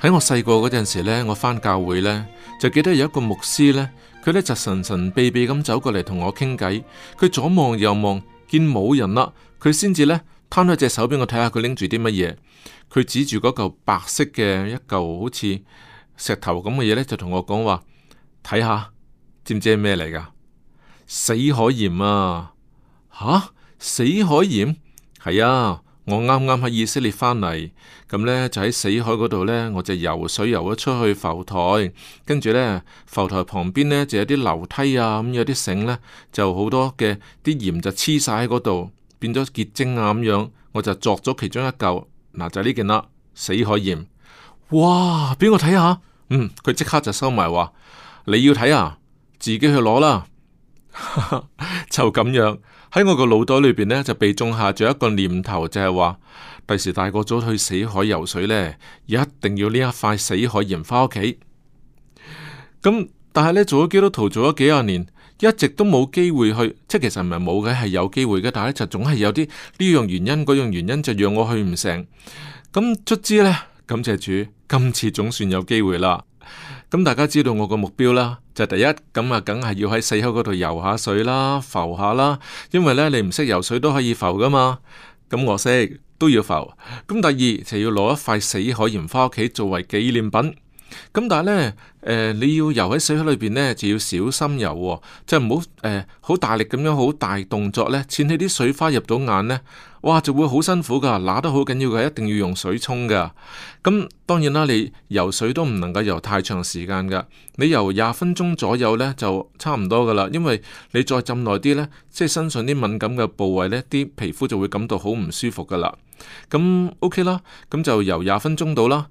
喺我細個嗰陣時呢，我返教會呢，就記得有一個牧師呢，佢呢就神神秘秘咁走過嚟同我傾偈，佢左望右望，見冇人啦，佢先至呢，攤開一隻手俾我睇下佢拎住啲乜嘢，佢指住嗰嚿白色嘅一嚿好似石頭咁嘅嘢，呢，就同我講話，睇下知唔知係咩嚟噶？死海鹽啊，吓？死海鹽？係啊。我啱啱喺以色列返嚟，咁呢就喺死海嗰度呢，我就游水游咗出去浮台，跟住呢，浮台旁邊呢就有啲樓梯啊，咁有啲繩呢，就好多嘅啲鹽就黐晒喺嗰度，變咗結晶啊咁樣，我就作咗其中一嚿，嗱就呢件啦，死海鹽，哇，俾我睇下，嗯，佢即刻就收埋話，你要睇啊，自己去攞啦， 就咁樣。喺我個腦袋裏邊咧，就被種下咗一個念頭就，就係話第時大個咗去死海游水呢，一定要呢一塊死海鹽返屋企。咁但係呢，做咗基督徒做咗幾廿年，一直都冇機會去。即係其實唔係冇嘅，係有機會嘅，但係就總係有啲呢樣原因嗰樣原因，原因就讓我去唔成。咁卒之呢，感謝主，今次總算有機會啦。咁大家知道我個目標啦，就是、第一咁啊，梗係要喺死口嗰度游，游下水啦，浮下啦，因為呢你唔識游水都可以浮噶嘛，咁我識都要浮。咁第二就要攞一塊死海鹽返屋企作為紀念品。咁但係咧，誒、呃，你要游喺水裏邊咧，就要小心游、哦，即係唔好誒，好、呃、大力咁樣，好大動作咧，濺起啲水花入到眼咧，哇，就會好辛苦噶，乸得好緊要噶，一定要用水沖噶。咁、嗯、當然啦，你游水都唔能夠游太長時間噶，你游廿分鐘左右咧就差唔多噶啦，因為你再浸耐啲咧，即係身上啲敏感嘅部位咧，啲皮膚就會感到好唔舒服噶啦。咁、嗯、OK 啦，咁就游廿分鐘到啦。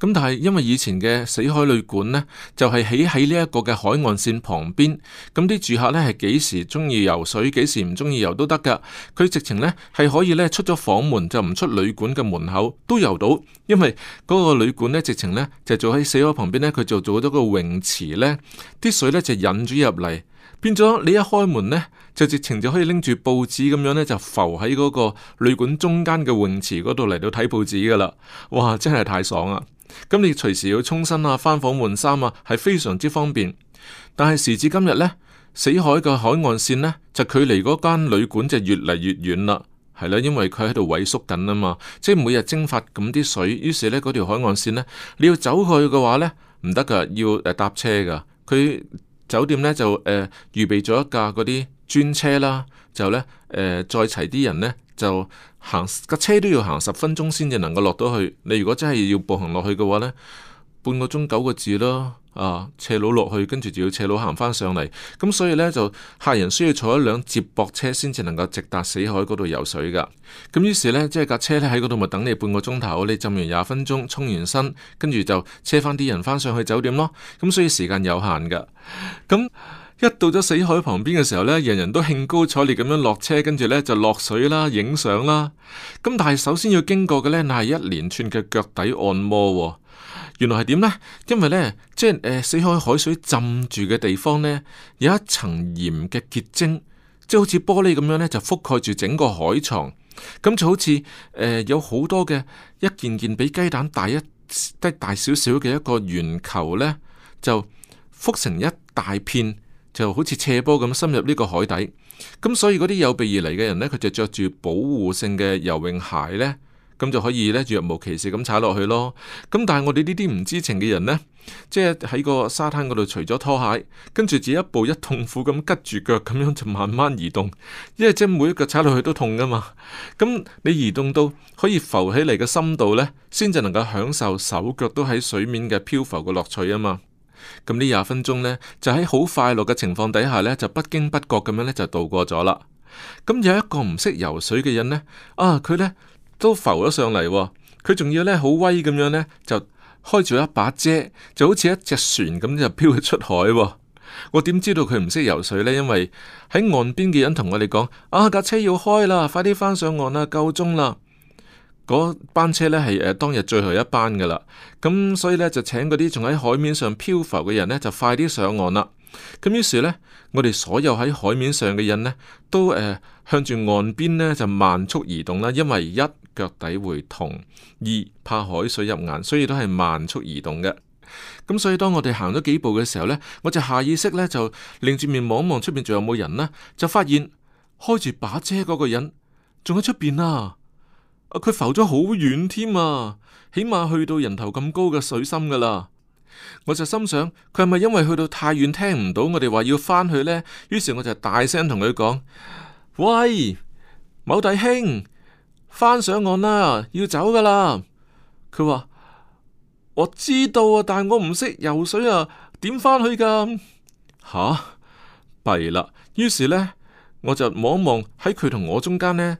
咁但係因為以前嘅死海旅館呢，就係起喺呢一個嘅海岸線旁邊。咁啲住客呢，係幾時鍾意游水，幾時唔鍾意游都得噶。佢直情呢，係可以呢，出咗房門就唔出旅館嘅門口都游到，因為嗰個旅館呢，直情呢，就做喺死海旁邊呢，佢就做咗個泳池呢，啲水呢，就引住入嚟，變咗你一開門呢，就直情就可以拎住報紙咁樣呢，就浮喺嗰個旅館中間嘅泳池嗰度嚟到睇報紙噶啦。哇！真係太爽喇！咁你隨時要沖身啊，返房換衫啊，係非常之方便。但係時至今日呢，死海嘅海岸綫呢，就距離嗰間旅館就越嚟越遠啦，係啦，因為佢喺度萎縮緊啊嘛，即係每日蒸發咁啲水，於是呢，嗰條海岸綫呢，你要走去嘅話呢，唔得噶，要搭車噶。佢酒店呢，就誒、呃、預備咗一架嗰啲專車啦，就呢，再載齊啲人呢。就行架車都要行十分鐘先至能夠落到去。你如果真係要步行落去嘅話呢，半個鐘九個字咯。啊，斜路落去，跟住就要斜路行翻上嚟。咁所以呢，就客人需要坐一輛接駁車先至能夠直達死海嗰度游水噶。咁於是呢，即係架車呢喺嗰度咪等你半個鐘頭，你浸完廿分鐘，沖完身，跟住就車翻啲人翻上去酒店咯。咁所以時間有限噶。咁一到咗死海旁邊嘅時候呢，人人都興高采烈咁樣落車，跟住呢就落水啦、影相啦。咁但係首先要經過嘅呢，嗱係一連串嘅腳底按摩、哦。原來係點呢？因為呢，即係、呃、死海海水浸住嘅地方呢，有一層鹽嘅結晶，即係好似玻璃咁樣呢，就覆蓋住整個海床。咁就好似、呃、有好多嘅一件件比雞蛋大一得大少少嘅一個圓球呢，就覆成一大片。就好似斜坡咁深入呢個海底，咁所以嗰啲有備而嚟嘅人呢，佢就着住保護性嘅游泳鞋呢，咁就可以呢若無其事咁踩落去咯。咁但係我哋呢啲唔知情嘅人呢，即係喺個沙灘嗰度除咗拖鞋，跟住自己一步一痛苦咁拮住腳，咁樣就慢慢移動，因為即係每一腳踩落去都痛㗎嘛。咁你移動到可以浮起嚟嘅深度呢，先至能夠享受手腳都喺水面嘅漂浮嘅樂趣啊嘛。咁呢廿分鐘呢，就喺好快樂嘅情況底下呢，就不經不覺咁樣呢，就度過咗啦。咁有一個唔識游水嘅人呢，啊佢呢，都浮咗上嚟，佢、啊、仲要呢，好威咁樣呢，就開住一把遮，就好似一隻船咁就飄咗出海。啊、我點知道佢唔識游水呢？因為喺岸邊嘅人同我哋講啊，架車要開啦，快啲翻上岸啦，夠鐘啦。嗰班車咧係誒當日最後一班嘅啦，咁所以咧就請嗰啲仲喺海面上漂浮嘅人咧就快啲上岸啦。咁於是咧，我哋所有喺海面上嘅人咧都誒、呃、向住岸邊咧就慢速移動啦，因為一腳底會痛，二怕海水入眼，所以都係慢速移動嘅。咁所以當我哋行咗幾步嘅時候咧，我就下意識咧就擰住面望望出邊仲有冇人咧，就發現開住把遮嗰個人仲喺出邊啊！佢浮咗好遠添啊，起碼去到人頭咁高嘅水深噶啦。我就心想佢係咪因為去到太遠聽唔到我哋話要翻去呢？於是我就大聲同佢講：喂，某弟兄，翻上岸啦，要走噶啦！佢話：我知道啊，但我唔識游水啊，點翻去噶？吓，弊啦。於是呢，我就望一望喺佢同我中間呢。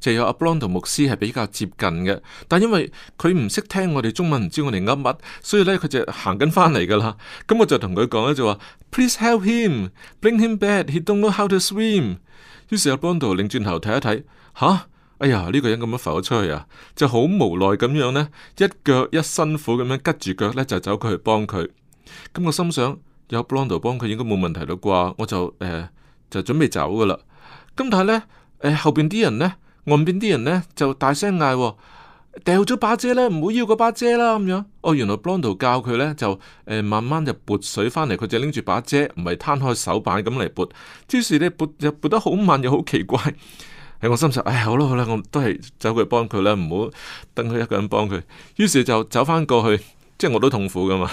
就有阿布朗杜牧師係比較接近嘅，但因為佢唔識聽我哋中文，唔知我哋噏乜，所以咧佢就行緊翻嚟㗎啦。咁、嗯、我就同佢講咧，就話 Please help him, bring him back. He don't know how to swim。於是阿布朗杜擰轉頭睇一睇，吓、啊，哎呀呢、呢個人咁樣浮咗出去啊，就好無奈咁樣咧，一腳一辛苦咁樣拮住腳咧就走佢去幫佢。咁、嗯、我心想有阿布朗杜幫佢應該冇問題啦啩，我就誒、呃、就準備走㗎啦。咁、嗯、但係咧誒後邊啲人咧。岸邊啲人呢，就大聲嗌：掉咗把遮啦，唔好要嗰把遮啦咁樣。哦，原來 Blondo 教佢呢，就誒、呃、慢慢就撥水返嚟，佢就拎住把遮，唔係攤開手板咁嚟撥。於是呢，撥又撥得好慢又好奇怪，喺 我心上，哎，好啦好啦，我都係走佢幫佢啦，唔好等佢一個人幫佢。於是就走返過去，即係我都痛苦噶嘛。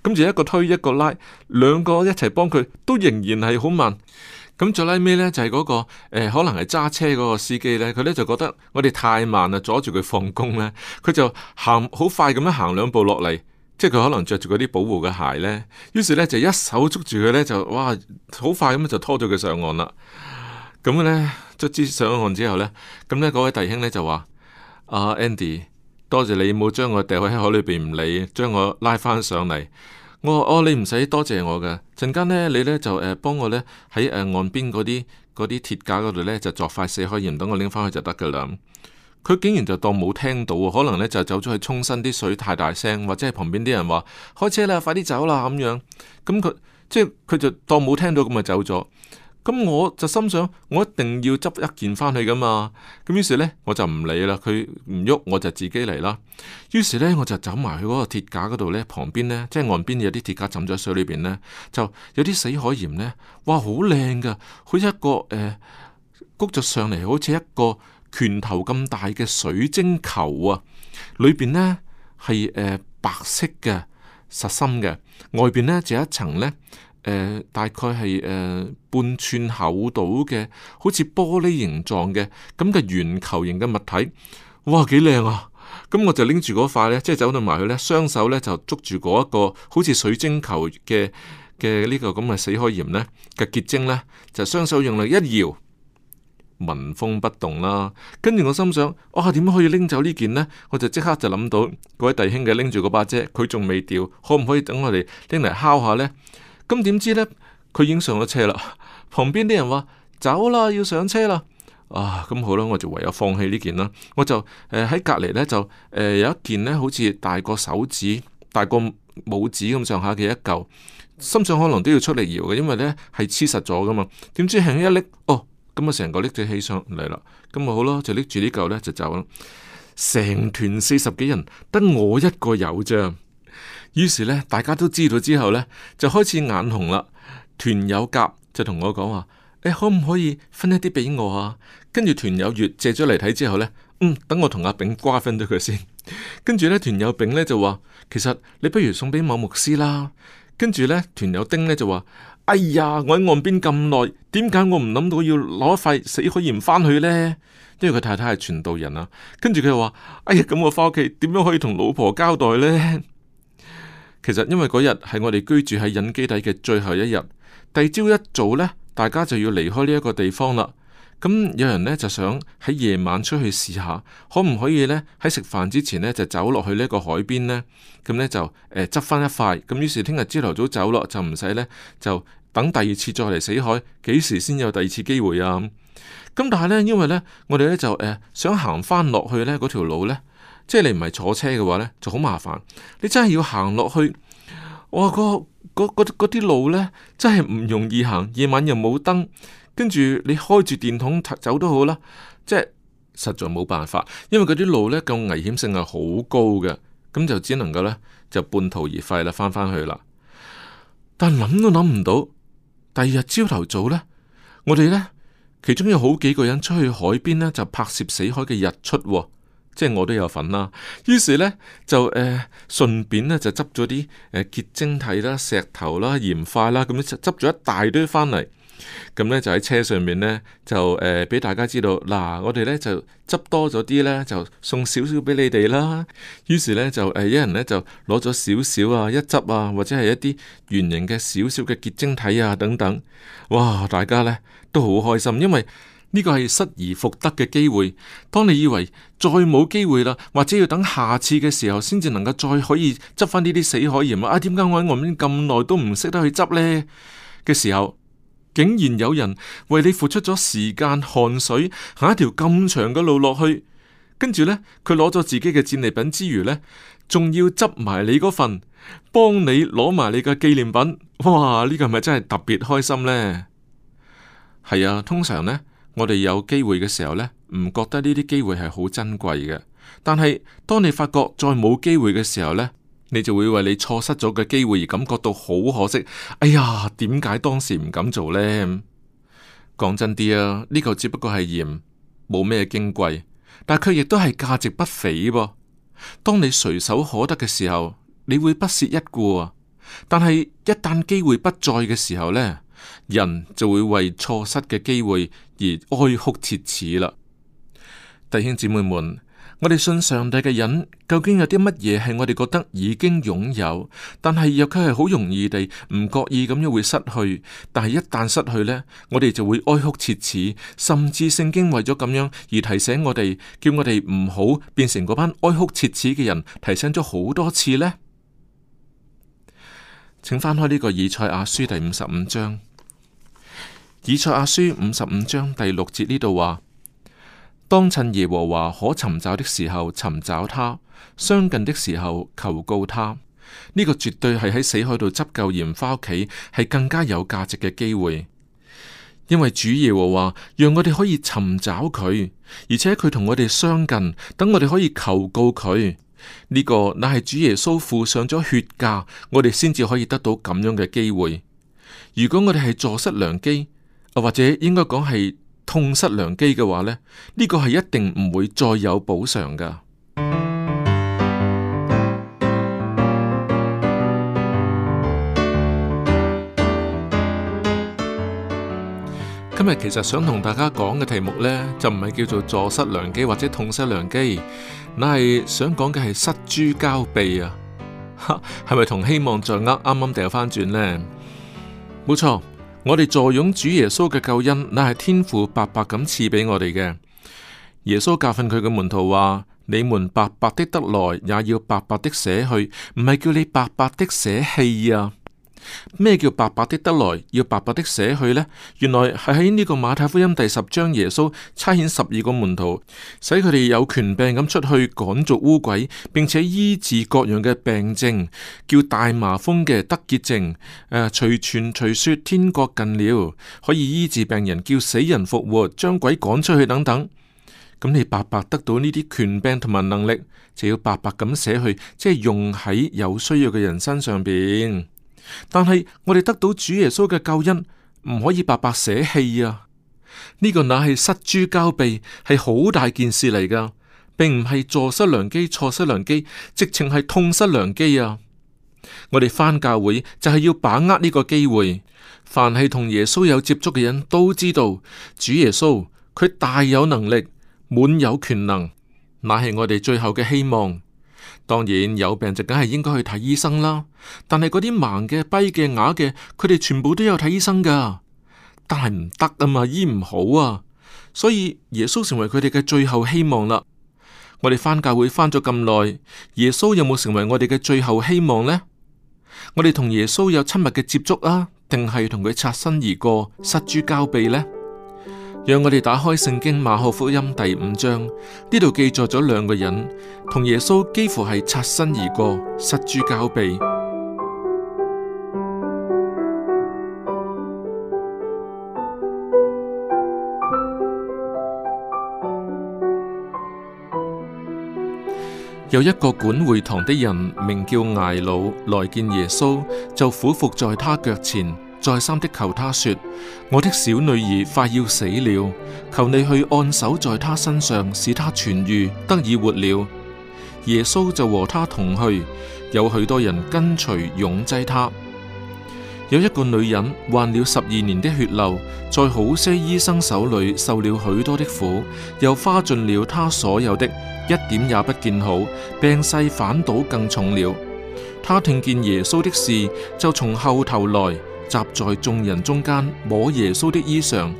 跟住一個推一個拉，兩個一齊幫佢，都仍然係好慢。咁最拉尾呢，就係嗰個誒，可能係揸車嗰個司機呢。佢呢就覺得我哋太慢啦，阻住佢放工呢。佢就行好快咁樣行兩步落嚟，即係佢可能着住嗰啲保護嘅鞋呢。於是呢，就一手捉住佢呢，就哇好快咁就拖咗佢上岸啦。咁呢，卒之上岸之後呢，咁呢，嗰位弟兄呢就話：啊，Andy，多謝你冇將我掉喺海裏邊唔理，將我拉翻上嚟。我哦，你唔使多謝我嘅。陣間呢，你咧就誒幫我呢喺誒岸邊嗰啲嗰啲鐵架嗰度呢，就鑿塊四開葉，唔等我拎返去就得噶啦。佢竟然就當冇聽到，可能呢就走咗去沖身，啲水太大聲，或者係旁邊啲人話開車啦，快啲走啦咁樣。咁佢即係佢就當冇聽到咁啊走咗。咁我就心想，我一定要執一件翻去噶嘛。咁於是呢，我就唔理啦，佢唔喐我就自己嚟啦。於是呢，我就走埋去嗰個鐵架嗰度呢。旁邊呢，即係岸邊有啲鐵架浸咗水裏邊呢，就有啲死海鹽呢。哇，好靚噶，好似一個誒、呃，谷咗上嚟，好似一個拳頭咁大嘅水晶球啊！裏邊呢，係、呃、白色嘅實心嘅，外邊呢，就是、一層呢。誒、呃，大概係誒、呃、半寸厚度嘅，好似玻璃形狀嘅咁嘅圓球形嘅物體，哇，幾靚啊！咁我就拎住嗰塊咧，即係走到埋去咧，雙手呢就捉住嗰、那、一個好似水晶球嘅嘅呢個咁嘅死海鹽呢嘅結晶呢，就雙手用力一搖，紋風不動啦。跟住我心想，啊、哦，點可以拎走呢件呢？我就即刻就諗到，各位弟兄嘅拎住嗰把遮，佢仲未掉，可唔可以等我哋拎嚟敲下呢？」咁點知呢？佢已經上咗車啦。旁邊啲人話：走啦，要上車啦。啊，咁好啦，我就唯有放棄呢件啦。我就誒喺隔籬呢，就誒、呃、有一件呢，好似大個手指、大個拇指咁上下嘅一嚿，心想可能都要出嚟搖嘅，因為呢係黐實咗噶嘛。點知輕輕一拎，哦，咁啊成個拎住起上嚟啦。咁咪好咯，就拎住呢嚿呢，就走啦。成團四十幾人，得我一個有啫。於是呢，大家都知道之後呢，就開始眼紅啦。團友甲就同我講話：，你可唔可以分一啲畀我啊？跟住團友乙借咗嚟睇之後呢，嗯，等我同阿炳瓜分咗佢先。跟住呢，團友丙呢就話：，其實你不如送畀某牧師啦。跟住呢，團友丁呢就話：，哎呀，我喺岸邊咁耐，點解我唔諗到要攞一塊死海鹽返去呢？因為佢太太係傳道人啊。跟住佢又話：，哎呀，咁我返屋企點樣可以同老婆交代呢？」其實因為嗰日係我哋居住喺隱基底嘅最後一日，第朝一早呢，大家就要離開呢一個地方啦。咁有人呢就想喺夜晚出去試下，可唔可以呢喺食飯之前呢就走落去呢個海邊呢？咁呢就誒，執翻一塊。咁於是聽日朝頭早走落，就唔使呢，就等第二次再嚟死海。幾時先有第二次機會啊？咁但係呢，因為呢，我哋呢就、呃、想行翻落去呢嗰條路呢。即係你唔係坐車嘅話呢就好麻煩。你真係要行落去，我話嗰啲路呢真係唔容易行。夜晚又冇燈，跟住你開住電筒走都好啦。即係實在冇辦法，因為嗰啲路呢咁危險性係好高嘅。咁就只能夠呢，就半途而廢啦，翻返去啦。但諗都諗唔到，第二日朝頭早呢，我哋呢其中有好幾個人出去海邊呢，就拍攝死海嘅日出喎。即係我都有份啦，於是呢，就誒、呃、順便呢，就執咗啲誒結晶體啦、石頭啦、鹽塊啦，咁樣執咗一大堆翻嚟，咁呢，就喺車上面呢，就誒俾、呃、大家知道，嗱我哋呢，就執多咗啲呢，就送少少俾你哋啦，於是呢，就誒一、呃、人呢，就攞咗少少啊一執啊或者係一啲圓形嘅少少嘅結晶體啊等等，哇大家呢，都好開心，因為，呢個係失而復得嘅機會。當你以為再冇機會啦，或者要等下次嘅時候先至能夠再可以執返呢啲死海鹽啊，點解我喺外面咁耐都唔識得去執呢？嘅時候，竟然有人為你付出咗時間、汗水，行一條咁長嘅路落去，跟住呢，佢攞咗自己嘅戰利品之餘呢，仲要執埋你嗰份，幫你攞埋你嘅紀念品。哇！呢個係咪真係特別開心呢？係啊，通常呢。我哋有機會嘅時候呢，唔覺得呢啲機會係好珍貴嘅。但係當你發覺再冇機會嘅時候呢，你就會為你錯失咗嘅機會而感覺到好可惜。哎呀，點解當時唔敢做呢？講真啲啊，呢個只不過係鹽，冇咩矜貴，但佢亦都係價值不菲噃。當你隨手可得嘅時候，你會不屑一顧啊。但係一旦機會不在嘅時候呢。人就會為錯失嘅機會而哀哭切齒啦，弟兄姊妹們，我哋信上帝嘅人，究竟有啲乜嘢係我哋覺得已經擁有，但係又卻係好容易地唔覺意咁樣會失去，但係一旦失去呢，我哋就會哀哭切齒，甚至聖經為咗咁樣而提醒我哋，叫我哋唔好變成嗰班哀哭切齒嘅人，提醒咗好多次呢。請翻開呢個以賽亞書第五十五章。以賽亞書五十五章第六節呢度話：當趁耶和華可尋找的時候尋找他，相近的時候求告他。呢個絕對係喺死海度執舊鹽翻屋企係更加有價值嘅機會，因為主耶和華讓我哋可以尋找佢，而且佢同我哋相近，等我哋可以求告佢。呢個乃係主耶穌付上咗血價，我哋先至可以得到咁樣嘅機會。如果我哋係坐失良機，或者應該講係痛失良機嘅話咧，呢個係一定唔會再有補償噶。今日其實想同大家講嘅題目呢，就唔係叫做坐失良機或者痛失良機，而係想講嘅係失諸交臂啊。哈，係咪同希望在握啱啱掉翻轉呢？冇錯。我哋坐擁主耶穌嘅救恩，乃係天父白白咁賜畀我哋嘅。耶穌教訓佢嘅門徒話：「你們白白的得來，也要白白的捨去，唔係叫你白白的捨棄啊。」咩叫白白的得來，要白白的捨去呢？原來係喺呢個馬太福音第十章，耶穌差遣十二個門徒，使佢哋有權柄咁出去趕逐污鬼，並且醫治各樣嘅病症，叫大麻風嘅得潔淨。誒、啊，隨傳隨說天國近了，可以醫治病人，叫死人復活，將鬼趕出去等等。咁你白白得到呢啲權柄同埋能力，就要白白咁捨去，即係用喺有需要嘅人身上邊。但係我哋得到主耶穌嘅救恩，唔可以白白捨棄啊！呢個乃係失諸交臂，係好大件事嚟噶，並唔係坐失良機、錯失良機，直情係痛失良機啊！我哋返教會就係要把握呢個機會，凡係同耶穌有接觸嘅人都知道，主耶穌佢大有能力，滿有權能，乃係我哋最後嘅希望。當然有病就梗係應該去睇醫生啦，但係嗰啲盲嘅、跛嘅、啞嘅，佢哋全部都有睇醫生噶，但係唔得啊嘛，醫唔好啊，所以耶穌成為佢哋嘅最後希望啦。我哋返教會返咗咁耐，耶穌有冇成為我哋嘅最後希望呢？我哋同耶穌有親密嘅接觸啊，定係同佢擦身而過，失諸交臂呢？讓我哋打開聖經馬可福音第五章，呢度記載咗兩個人同耶穌幾乎係擦身而過，失諸交臂。 有一個管會堂的人名叫睚魯，來見耶穌，就俯伏在他腳前。再三的求他說：我的小女兒快要死了，求你去按手在她身上，使她痊愈，得以活了。耶穌就和她同去，有許多人跟隨擁擠她。有一個女人患了十二年的血漏，在好些醫生手裏受了許多的苦，又花盡了她所有的，一點也不見好，病勢反倒更重了。她聽見耶穌的事，就從後頭來。雜在眾人中間摸耶穌的衣裳，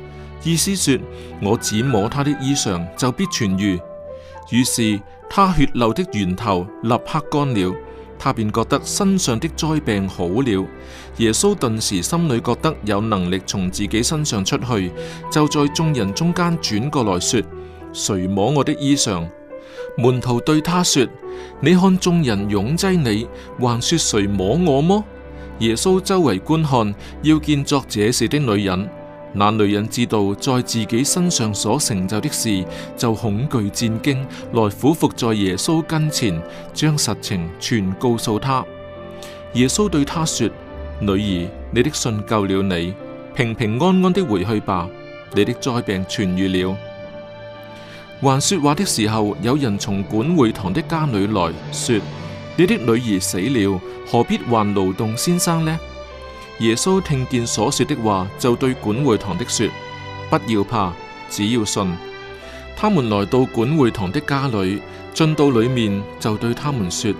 意思說我只摸他的衣裳就必痊愈。於是他血流的源頭立刻乾了，他便覺得身上的災病好了。耶穌頓時心裏覺得有能力從自己身上出去，就在眾人中間轉過來說：誰摸我的衣裳？門徒對他說：你看眾人擁擠你，還說誰摸我麼？耶穌周圍觀看，要見作這事的女人。那女人知道在自己身上所成就的事，就恐懼戰驚，來俯伏在耶穌跟前，將實情全告訴他。耶穌對她說：女兒，你的信救了你，平平安安的回去吧。你的災病痊愈了。還說話的時候，有人從管會堂的家裏來說：你的女兒死了。何必還勞動先生呢？耶穌聽見所說的話，就對管會堂的說：不要怕，只要信。他們來到管會堂的家裏，進到裏面，就對他們說：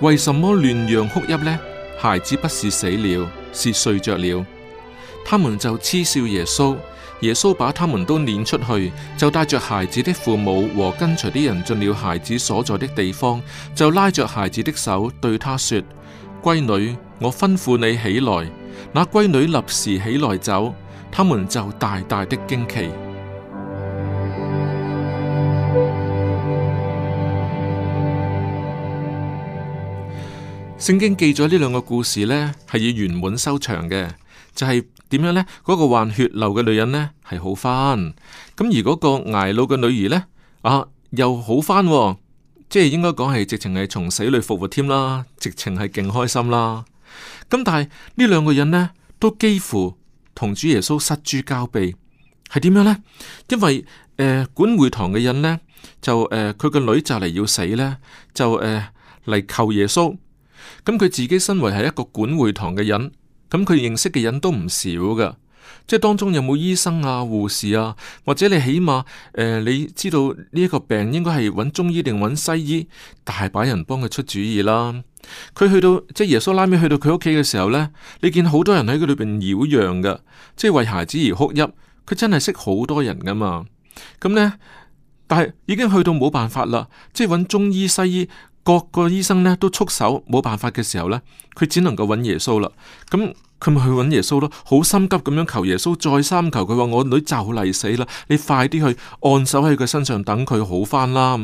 為什麼亂嚷哭泣呢？孩子不是死了，是睡着了。他們就嗤笑耶穌。耶穌把他們都攆出去，就帶着孩子的父母和跟隨的人進了孩子所在的地方，就拉着孩子的手，對他說。閨女，我吩咐你起來，那閨女立時起來走，他們就大大的驚奇。 聖經記咗呢兩個故事呢係以圓滿收場嘅，就係、是、點樣呢？嗰、那個患血流嘅女人呢係好返，咁而嗰個睚魯嘅女兒呢，啊，又好返、哦。即係應該講係直情係從死裏復活添啦，直情係勁開心啦。咁但係呢兩個人咧，都幾乎同主耶穌失之交臂，係點樣咧？因為誒管會堂嘅人咧，就誒佢個女就嚟要死咧，就誒嚟求耶穌。咁佢自己身為係一個管會堂嘅人，咁佢認識嘅人都唔少噶。即係當中有冇醫生啊、護士啊，或者你起碼誒、呃，你知道呢一個病應該係揾中醫定揾西醫，大把人幫佢出主意啦。佢去到即係耶穌拉尾去到佢屋企嘅時候呢，你見好多人喺佢裏邊擾攘㗎，即係為孩子而哭泣。佢真係識好多人噶嘛，咁呢，但係已經去到冇辦法啦，即係揾中醫西醫，各個醫生呢都束手冇辦法嘅時候呢，佢只能夠揾耶穌啦。咁佢咪去揾耶穌咯，好心急咁樣求耶穌，再三求佢話，我女就嚟死啦，你快啲去按手喺佢身上，等佢好返啦。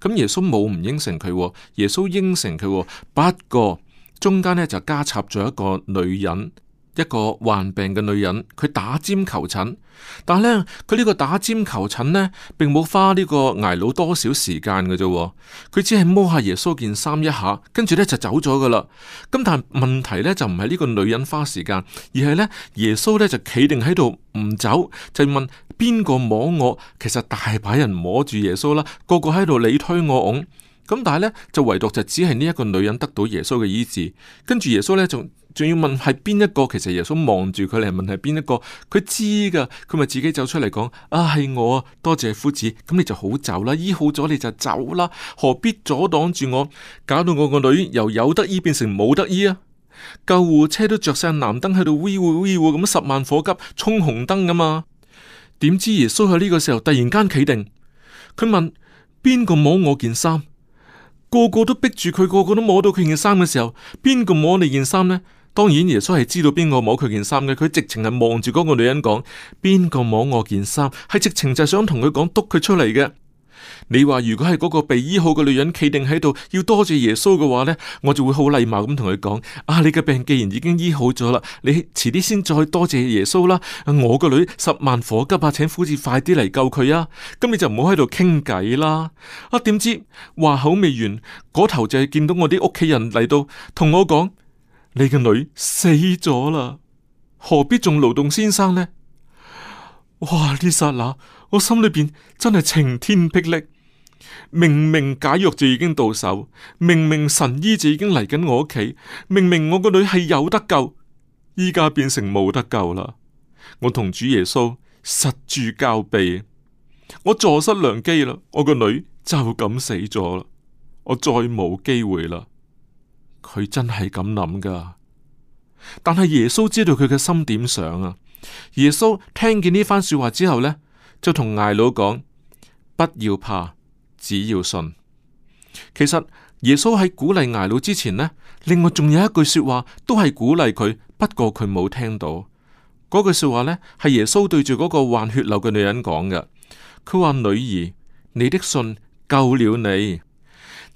咁耶穌冇唔應承佢，耶穌應承佢，不過中間呢就加插咗一個女人。一個患病嘅女人，佢打尖求診，但係咧，佢呢個打尖求診呢，並冇花呢個挨老多少時間嘅啫，佢只係摸下耶穌件衫一下，跟住呢就走咗噶啦。咁但係問題咧就唔係呢個女人花時間，而係呢耶穌呢就企定喺度唔走，就問邊個摸我。其實大把人摸住耶穌啦，個個喺度你推我拱，咁但係呢，就唯獨就只係呢一個女人得到耶穌嘅醫治，跟住耶穌呢就。仲要問係邊一個？其實耶穌望住佢嚟問係邊一個？佢知噶，佢咪自己走出嚟講：啊，係我啊！多謝夫子，咁你就好走啦。醫好咗你就走啦，何必阻擋住我？搞到我個女由有得醫變成冇得醫啊！救護車都着晒藍燈喺度 wee wee 咁十萬火急衝紅燈噶嘛！點知耶穌喺呢個時候突然間企定，佢問：邊個摸我件衫？個個都逼住佢，個個都摸到佢件衫嘅時候，邊個摸你件衫呢？當然，耶穌係知道邊個摸佢件衫嘅，佢直情係望住嗰個女人講：邊個摸我件衫？係直情就係想同佢講督佢出嚟嘅。你話如果係嗰個被醫好嘅女人企定喺度，要多謝耶穌嘅話呢，我就會好禮貌咁同佢講：啊，你嘅病既然已經醫好咗啦，你遲啲先再多謝耶穌啦。我個女十萬火急啊，請夫子快啲嚟救佢啊！咁、嗯、你就唔好喺度傾偈啦。啊，點知話口未完，嗰頭就係見到我啲屋企人嚟到，同我講。你個女死咗啦，何必仲勞動先生呢？哇！呢剎那，我心裏邊真係晴天霹靂。明明解藥就已經到手，明明神醫就已經嚟緊我屋企，明明我個女係有得救，依家變成冇得救啦！我同主耶穌失住交臂，我坐失良機啦！我個女就咁死咗啦，我再冇機會啦！佢真係咁諗噶但係耶穌知道佢嘅心點想啊！耶穌聽見呢番說話之後呢，就同艾老講：不要怕，只要信。其實耶穌喺鼓勵艾老之前呢，另外仲有一句說話，都係鼓勵佢，不過佢冇聽到嗰句說話呢，係耶穌對住嗰個患血流嘅女人講嘅。佢話：女兒，你的信救了你。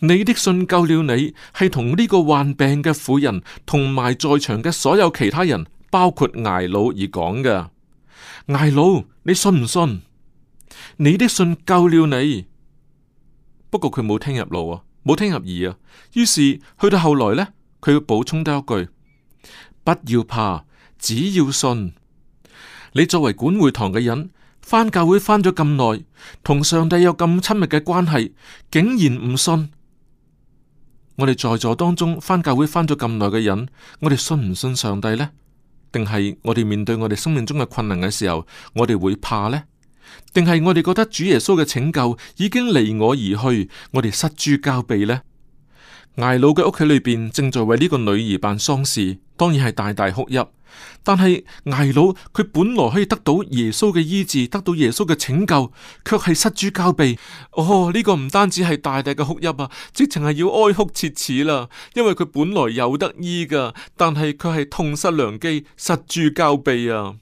你的信救了你，係同呢個患病嘅婦人同埋在場嘅所有其他人，包括睚魯而講嘅。睚魯，你信唔信？你的信救了你。不過佢冇聽入腦啊，冇聽入耳啊。於是去到後來呢，佢要補充多一句：不要怕，只要信。你作為管會堂嘅人，翻教會翻咗咁耐，同上帝有咁親密嘅關係，竟然唔信。我哋在座當中返教會返咗咁耐嘅人，我哋信唔信上帝呢？定係我哋面對我哋生命中嘅困難嘅時候，我哋會怕呢？定係我哋覺得主耶穌嘅拯救已經離我而去，我哋失諸交臂呢？睚魯嘅屋企裏邊正在為呢個女兒辦喪事，當然係大大哭泣。但係睚魯佢本來可以得到耶穌嘅醫治，得到耶穌嘅拯救，卻係失諸交臂。哦，呢、這個唔單止係大大嘅哭泣啊，直情係要哀哭切齒啦。因為佢本來有得醫噶，但係佢係痛失良機，失諸交臂啊。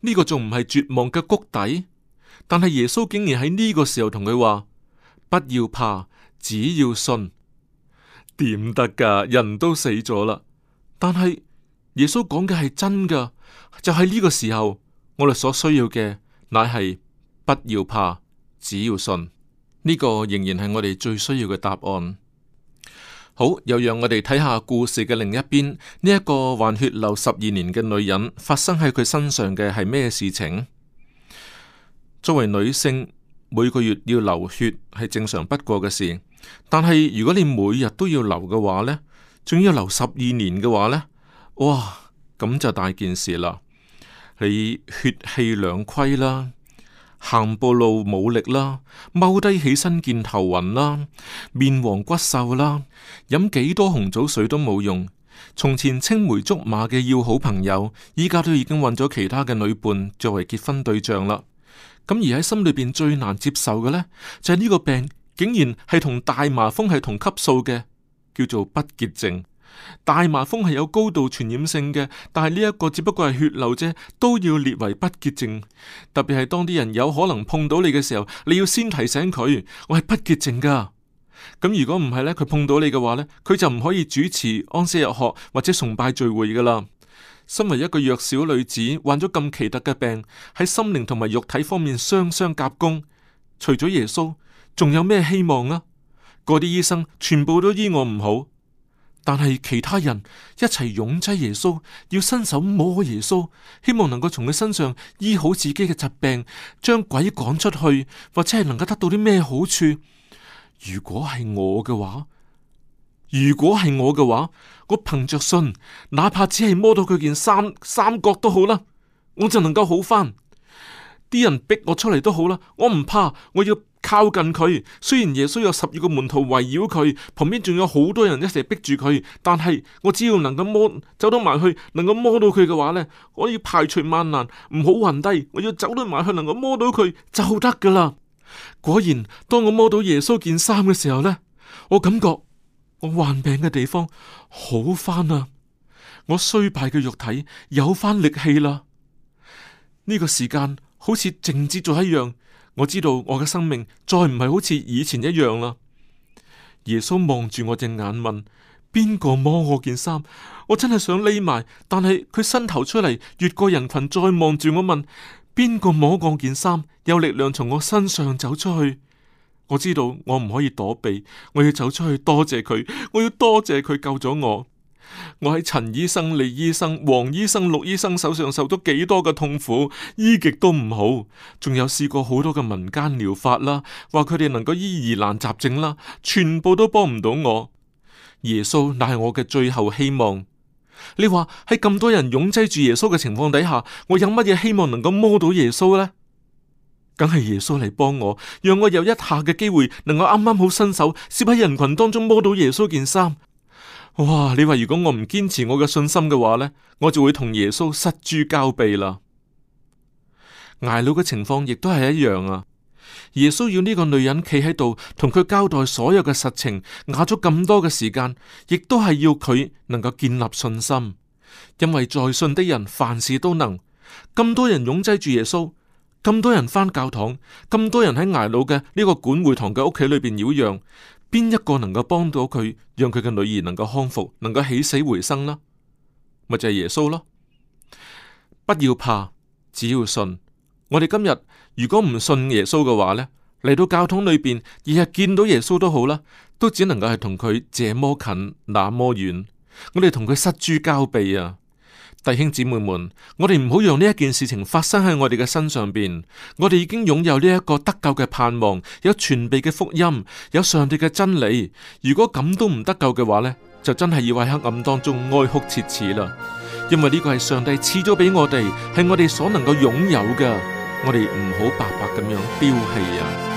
呢、這個仲唔係絕望嘅谷底？但係耶穌竟然喺呢個時候同佢話：不要怕，只要信。點得噶？人都死咗啦，但係耶穌講嘅係真噶，就喺、是、呢個時候，我哋所需要嘅乃係不要怕，只要信。呢、這個仍然係我哋最需要嘅答案。好，又讓我哋睇下故事嘅另一邊，呢、這、一個患血流十二年嘅女人，發生喺佢身上嘅係咩事情？作為女性，每個月要流血係正常不過嘅事。但係如果你每日都要流嘅話呢？仲要流十二年嘅話呢？哇，咁就大件事啦！你血氣兩虧啦，行步路冇力啦，踎低起身見頭暈啦，面黃骨瘦啦，飲幾多紅棗水都冇用。從前青梅竹馬嘅要好朋友，依家都已經揾咗其他嘅女伴作為結婚對象啦。咁而喺心裏邊最難接受嘅呢，就係呢個病。竟然係同大麻風係同級數嘅，叫做不潔症。大麻風係有高度傳染性嘅，但係呢一個只不過係血流啫，都要列為不潔症。特別係當啲人有可能碰到你嘅時候，你要先提醒佢，我係不潔症噶。咁如果唔係咧，佢碰到你嘅話咧，佢就唔可以主持安息日學或者崇拜聚會噶啦。身為一個弱小女子，患咗咁奇特嘅病，喺心靈同埋肉體方面雙雙夾攻，除咗耶穌。仲有咩希望啊？嗰啲醫生全部都醫我唔好，但係其他人一齊擁擠耶穌，要伸手摸耶穌，希望能夠從佢身上醫好自己嘅疾病，將鬼趕出去，或者係能夠得到啲咩好處。如果係我嘅話，如果係我嘅話，我憑着信，哪怕只係摸到佢件衫三角都好啦，我就能夠好返。啲人逼我出嚟都好啦，我唔怕，我要。靠近佢，雖然耶穌有十二個門徒圍繞佢，旁邊仲有好多人一齊逼住佢，但係我只要能夠摸走到埋去，能夠摸到佢嘅話呢，我要排除萬難，唔好暈低，我要走到埋去，能夠摸到佢就得噶啦。果然，當我摸到耶穌件衫嘅時候呢，我感覺我患病嘅地方好翻啦，我衰敗嘅肉體有翻力氣啦。呢個時間好似靜止咗一樣。我知道我嘅生命再唔係好似以前一樣啦。耶穌望住我隻眼問：邊個摸我件衫？我真係想匿埋，但係佢伸頭出嚟，越過人群再望住我問：邊個摸我件衫？有力量從我身上走出去。我知道我唔可以躲避，我要走出去多謝佢，我要多謝佢救咗我。我喺陳醫生、李醫生、黃醫生、陸醫生手上受咗幾多嘅痛苦，醫極都唔好，仲有試過好多嘅民間療法啦，話佢哋能夠醫疑難雜症啦，全部都幫唔到我。耶穌乃係我嘅最後希望。你話喺咁多人擁擠住耶穌嘅情況底下，我有乜嘢希望能夠摸到耶穌呢？梗係耶穌嚟幫我，讓我有一下嘅機會，能夠啱啱好伸手，先喺人群當中摸到耶穌件衫。哇！你話如果我唔堅持我嘅信心嘅話呢，我就會同耶穌失諸交臂啦。挨老嘅情況亦都係一樣啊！耶穌要呢個女人企喺度，同佢交代所有嘅實情，壓咗咁多嘅時間，亦都係要佢能夠建立信心，因為在信的人凡事都能。咁多人擁擠住耶穌，咁多人翻教堂，咁多人喺挨老嘅呢個管會堂嘅屋企裏邊擾攘。邊一個能夠幫到佢，讓佢嘅女兒能夠康復，能夠起死回生啦？咪就係耶穌咯！不要怕，只要信。我哋今日如果唔信耶穌嘅話呢，嚟到教堂裏邊，日日見到耶穌都好啦，都只能夠係同佢這麼近那麼遠，我哋同佢失諸交臂啊！弟兄姊妹們，我哋唔好讓呢一件事情發生喺我哋嘅身上邊。我哋已經擁有呢一個得救嘅盼望，有傳備嘅福音，有上帝嘅真理。如果咁都唔得救嘅話呢，就真係要喺黑暗當中哀哭切齒啦。因為呢個係上帝賜咗俾我哋，係我哋所能夠擁有嘅。我哋唔好白白咁樣丟棄啊！